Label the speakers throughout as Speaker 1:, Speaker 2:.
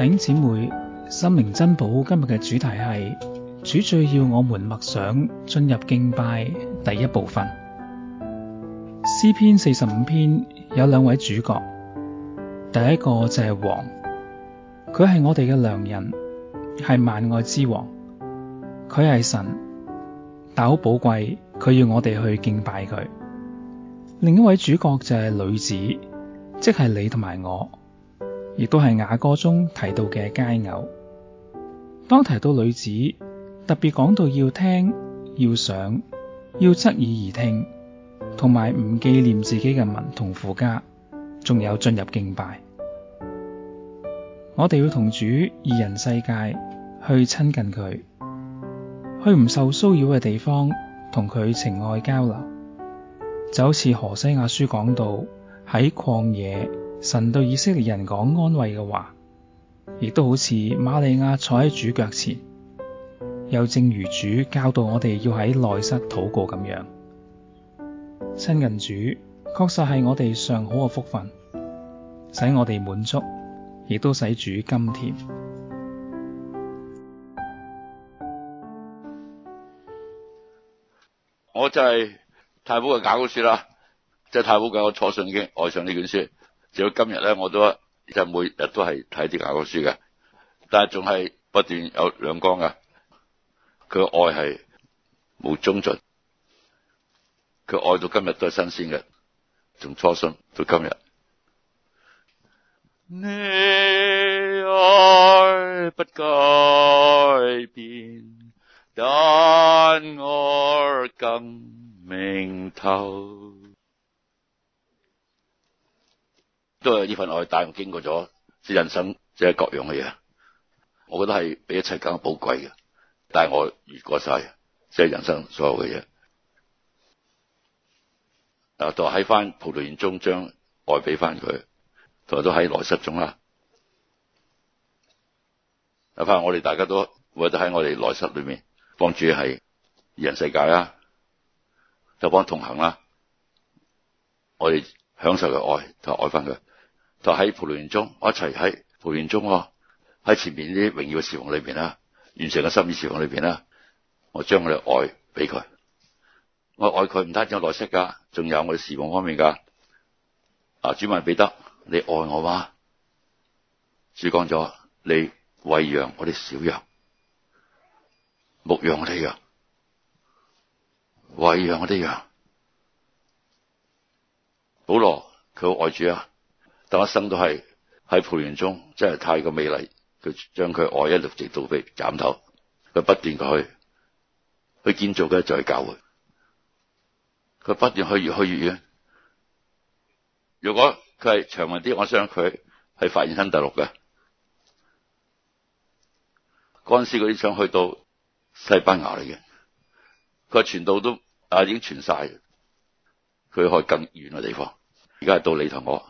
Speaker 1: 弟兄姊妹，心靈珍寶，今日嘅主題係主最要我們默想進入敬拜第一部分。詩篇四十五篇有兩位主角，第一個就係王，佢係我哋嘅良人，係萬愛之王，佢係神，但好寶貴，佢要我哋去敬拜佢。另一位主角就係女子，即係你同埋我。亦都係雅歌中提到嘅佳偶。當提到女子，特別講到要聽、要想、要側耳而聽，同埋唔紀念自己嘅民同父家，仲有進入敬拜。我哋要同主二人世界去親近佢，去唔受騷擾嘅地方同佢情愛交流，就好似何西亞書講到喺曠野。神對以色列人講安慰嘅話，亦都好似馬利亞坐喺主腳前，又正如主教導我哋要喺內室禱告咁樣親近主，確實係我哋上好嘅福分，使我哋滿足，亦都使主甘甜。
Speaker 2: 我就係太古嘅教古書啦，即係太古教我初信經愛上呢卷書。直到今日咧，我都就每日都係睇啲教科書嘅，但係仲係不斷有亮光噶。佢愛係冇終盡，佢愛到今日都係新鮮嘅，從初信到今日。都係呢份愛帶我經過咗即人生即係各樣嘅嘢，我覺得係比一切更加寶貴嘅。但係我越過晒即係人生所有嘅嘢。嗱，就喺翻葡萄園中將愛俾翻佢，同埋都喺內室中啦。我哋大家都會咗喺我哋內室裏面幫助係二人世界啦，就幫同行啦。我哋享受嘅愛就愛翻佢。就喺葡萄園中，我一齊喺葡萄園中喎，喺前面啲榮耀侍奉裏邊啦，完成嘅心意侍奉裏邊啦，我將我嘅愛俾佢，我愛佢唔單止有內色噶，仲有我哋侍奉方面噶。嗱，主問彼得：你愛我嗎？主講咗：你餵養我啲小羊，牧養我啲羊，餵養我啲羊。保羅佢好愛主啊！但我一生都係喺培元中，真係太過美麗。佢將佢愛一路直到被斬頭，佢不斷過去，佢建造嘅就係教會，佢不斷去越去越遠。如果佢係長命啲，我相信佢係發現新大陸嘅嗰陣時，嗰啲想去到西班牙嚟嘅，佢傳到都啊已經傳曬，佢去更遠嘅地方。而家係到你同我。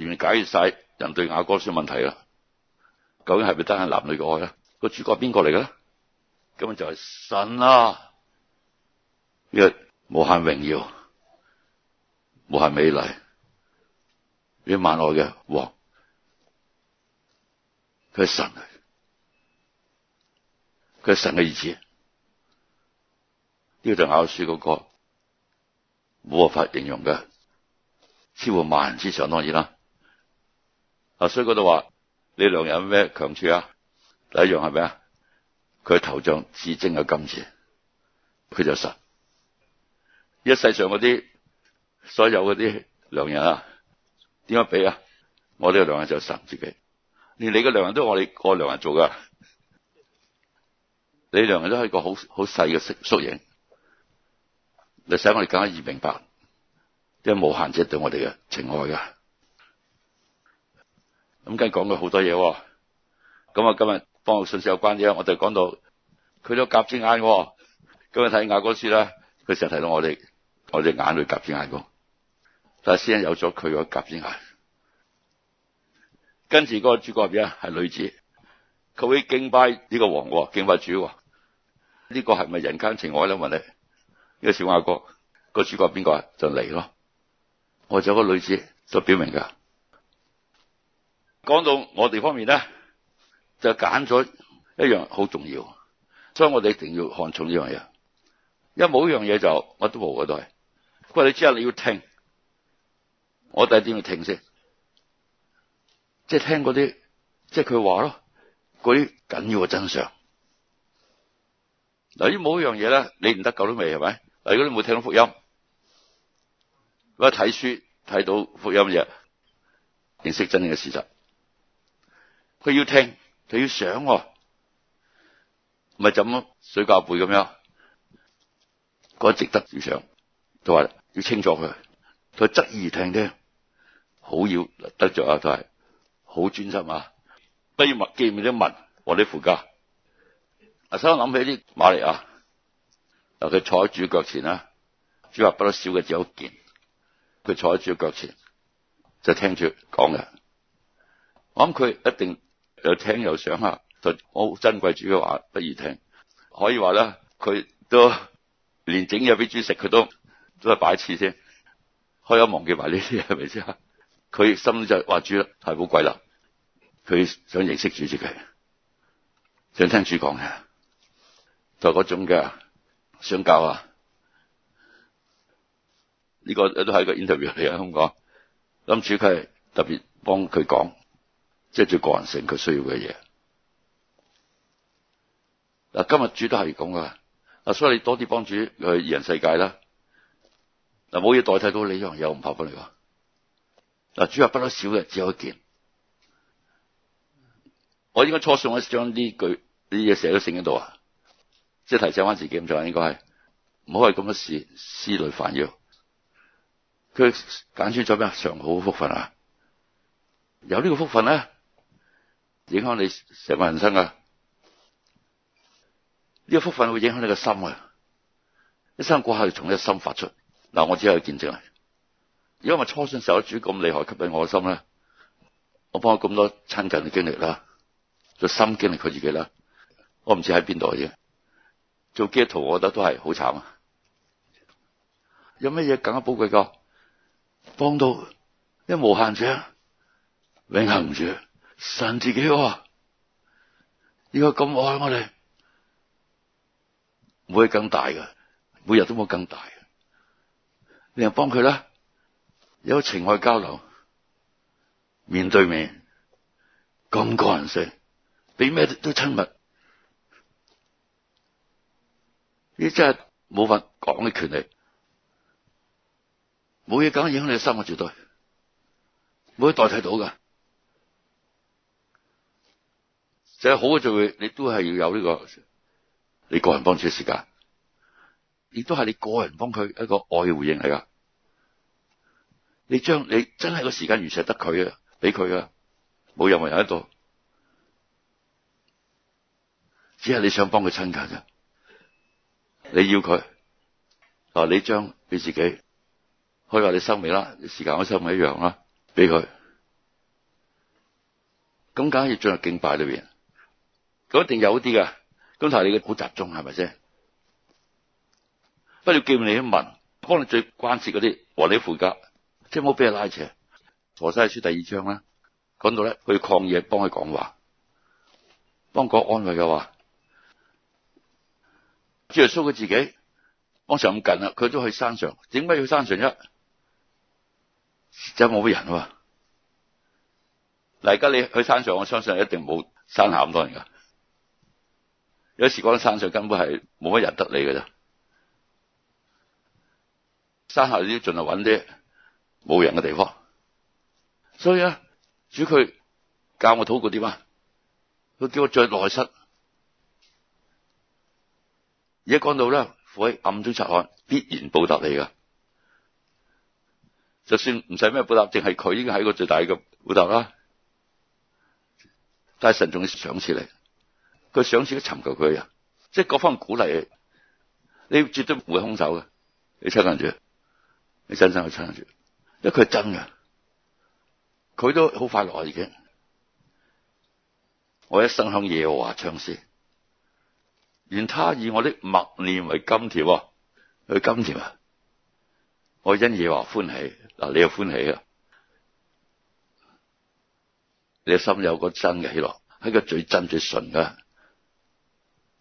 Speaker 2: 完全解決晒人對雅歌書問題啦！究竟係咪單係男女嘅愛咧？個主角係邊個嚟嘅咧？咁就係神啦，啊！呢個無限榮耀、無限美麗、與萬愛嘅王，佢係神嚟，佢係神嘅意思。呢、那個讀雅歌書嗰個冇辦法形容嘅，超過萬人之上當然啦。啊！所以嗰度話你良人有咩強處啊？第一樣係咩啊？佢頭像至精嘅金子，佢就神。一世上嗰啲所有嗰啲良人啊，點樣比啊？我呢個良人就神自己，連你嘅良人都我哋過良人做噶，你良人都係個好好細嘅縮縮影。你使我哋更加易明白，即一無限者對我哋嘅情愛噶。咁跟住講佢好多嘢，咁啊今日幫個信息有關嘅。我哋講到佢都夾子眼，今日睇雅歌書咧，佢成日提到我哋，我哋眼淚夾子眼嘅，但係先有咗佢個夾子眼。跟住個主角入邊啊？係女子，佢會敬拜呢個王，敬拜主。呢個係咪人間情愛咧？問你，呢個小雅歌個主角邊個啊？就嚟咯，我者個女子就表明噶。講到我哋方面咧，就揀咗一樣好重要，所以我哋一定要看重呢樣嘢。一冇一樣嘢就乜都冇嘅都係。不過你之後，你要聽，我第一點要聽先，即係聽嗰啲，即係佢話咯，嗰啲緊要嘅真相。嗱，如冇一樣嘢咧，你唔得救都未係咪？嗱，如果你冇聽到福音，或者睇書睇到福音嘅，認識真正嘅事實。佢要聽，佢要想喎、啊，唔係就咁水教背咁樣，覺得值得要想，就話要清楚佢，佢側耳聽聽，好要得著啊！都係好專心啊！秘密記不要墨記唔知問我啲父家，嗱，使我諗起啲馬利亞，嗱，佢坐喺主腳前啊，主話不可少嘅只有一件，佢坐喺主腳前就聽住講嘅，我諗佢一定。又聽又想啊！就我好珍貴主嘅話，不易聽。可以話啦，佢都連整嘢俾豬食，佢都都係擺次先。開心忘記埋呢啲係咪先啊？佢心就話主太寶貴啦，佢想認識主自己，想聽主講嘅，就嗰種嘅相交啊！呢、這個都係一個 interview 嚟啊，香港。諗住佢特別幫佢講。即係最個人性佢需要嘅嘢嗱，今日主都係咁噶啦，啊所以你多啲幫主去二人世界啦嗱，冇嘢代替到你一樣嘢，唔怕幫你話嗱，主啊不得少嘅只有一件，我應該初信將呢句呢嘢寫到聖經度啊，即係提醒翻自己咁上下，應該係唔好係咁多事思慮煩擾，佢揀選咗咩啊上好嘅福分啊，有呢個福分咧。影響你成個人生噶，呢個福分會影響你個心啊！一生過後就從一心發出嗱，我只係去見證。如果唔係初信時候主咁厲害吸引我嘅心咧，我幫咗咁多親近嘅經歷啦，做心經歷佢自己啦，我唔知喺邊度啫。做基督徒，我覺得都係好慘啊！有乜嘢更加寶貴噶？幫到一無限者，永恒唔住。神自己喎，而家咁愛我哋，冇嘢更大㗎，每日都冇更大嘅。你又幫佢啦，有個情愛交流，面對面，咁個人性，俾咩都親密，呢真係冇法講嘅權利，冇嘢咁影響你嘅生活，絕對冇嘢代替到㗎。即係好嘅聚會，你都係要有呢、這個你個人幫助嘅時間，亦都係你個人幫佢一個愛回應嚟㗎。你將你真係個時間如實得佢啊，俾佢啊，冇任何人喺度，只係你想幫佢親近嘅。你要佢啊，你將你自己，可以話你生命啦，你時間我生命一樣啦，俾佢。咁梗係要進入敬拜裏邊。佢一定有啲噶，咁睇你嘅好集中係咪先？不如叫你一民，可能最關切嗰啲和你父家，即係冇俾人拉扯。何西書第二章咧，講到咧去曠野幫佢講話，幫佢安慰嘅話，主耶穌佢自己。當時咁近啦，佢都去山上，點解要去山上啫？真冇乜人啊嘛。嗱，而家你去山上，我相信一定冇山下咁多人噶。有時覺得山上根本係冇乜人，得你嘅咋，山下要盡量搵啲冇人嘅地方。所以咧，主佢教我禱告點啊？佢叫我入內屋。而家講到咧，父喺暗中察看，必然報答你噶。就算唔使咩報答，淨係佢已經係一個最大嘅報答啦。但係神仲要賞賜你。佢想住去尋求佢人，即係各方鼓勵，你絕對唔會空手嘅。你親眼住，你真心去親眼住，因為佢係真嘅。佢都好快樂啊！已經，我一生向耶和華唱詩，願他以我的默念為甘甜，佢甘甜啊！我因耶和華歡喜，嗱，你又歡喜啊！你心有個真嘅喜樂，喺個最真最純噶。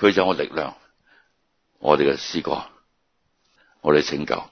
Speaker 2: 佢就是我力量，我哋嘅詩歌，我哋嘅拯救。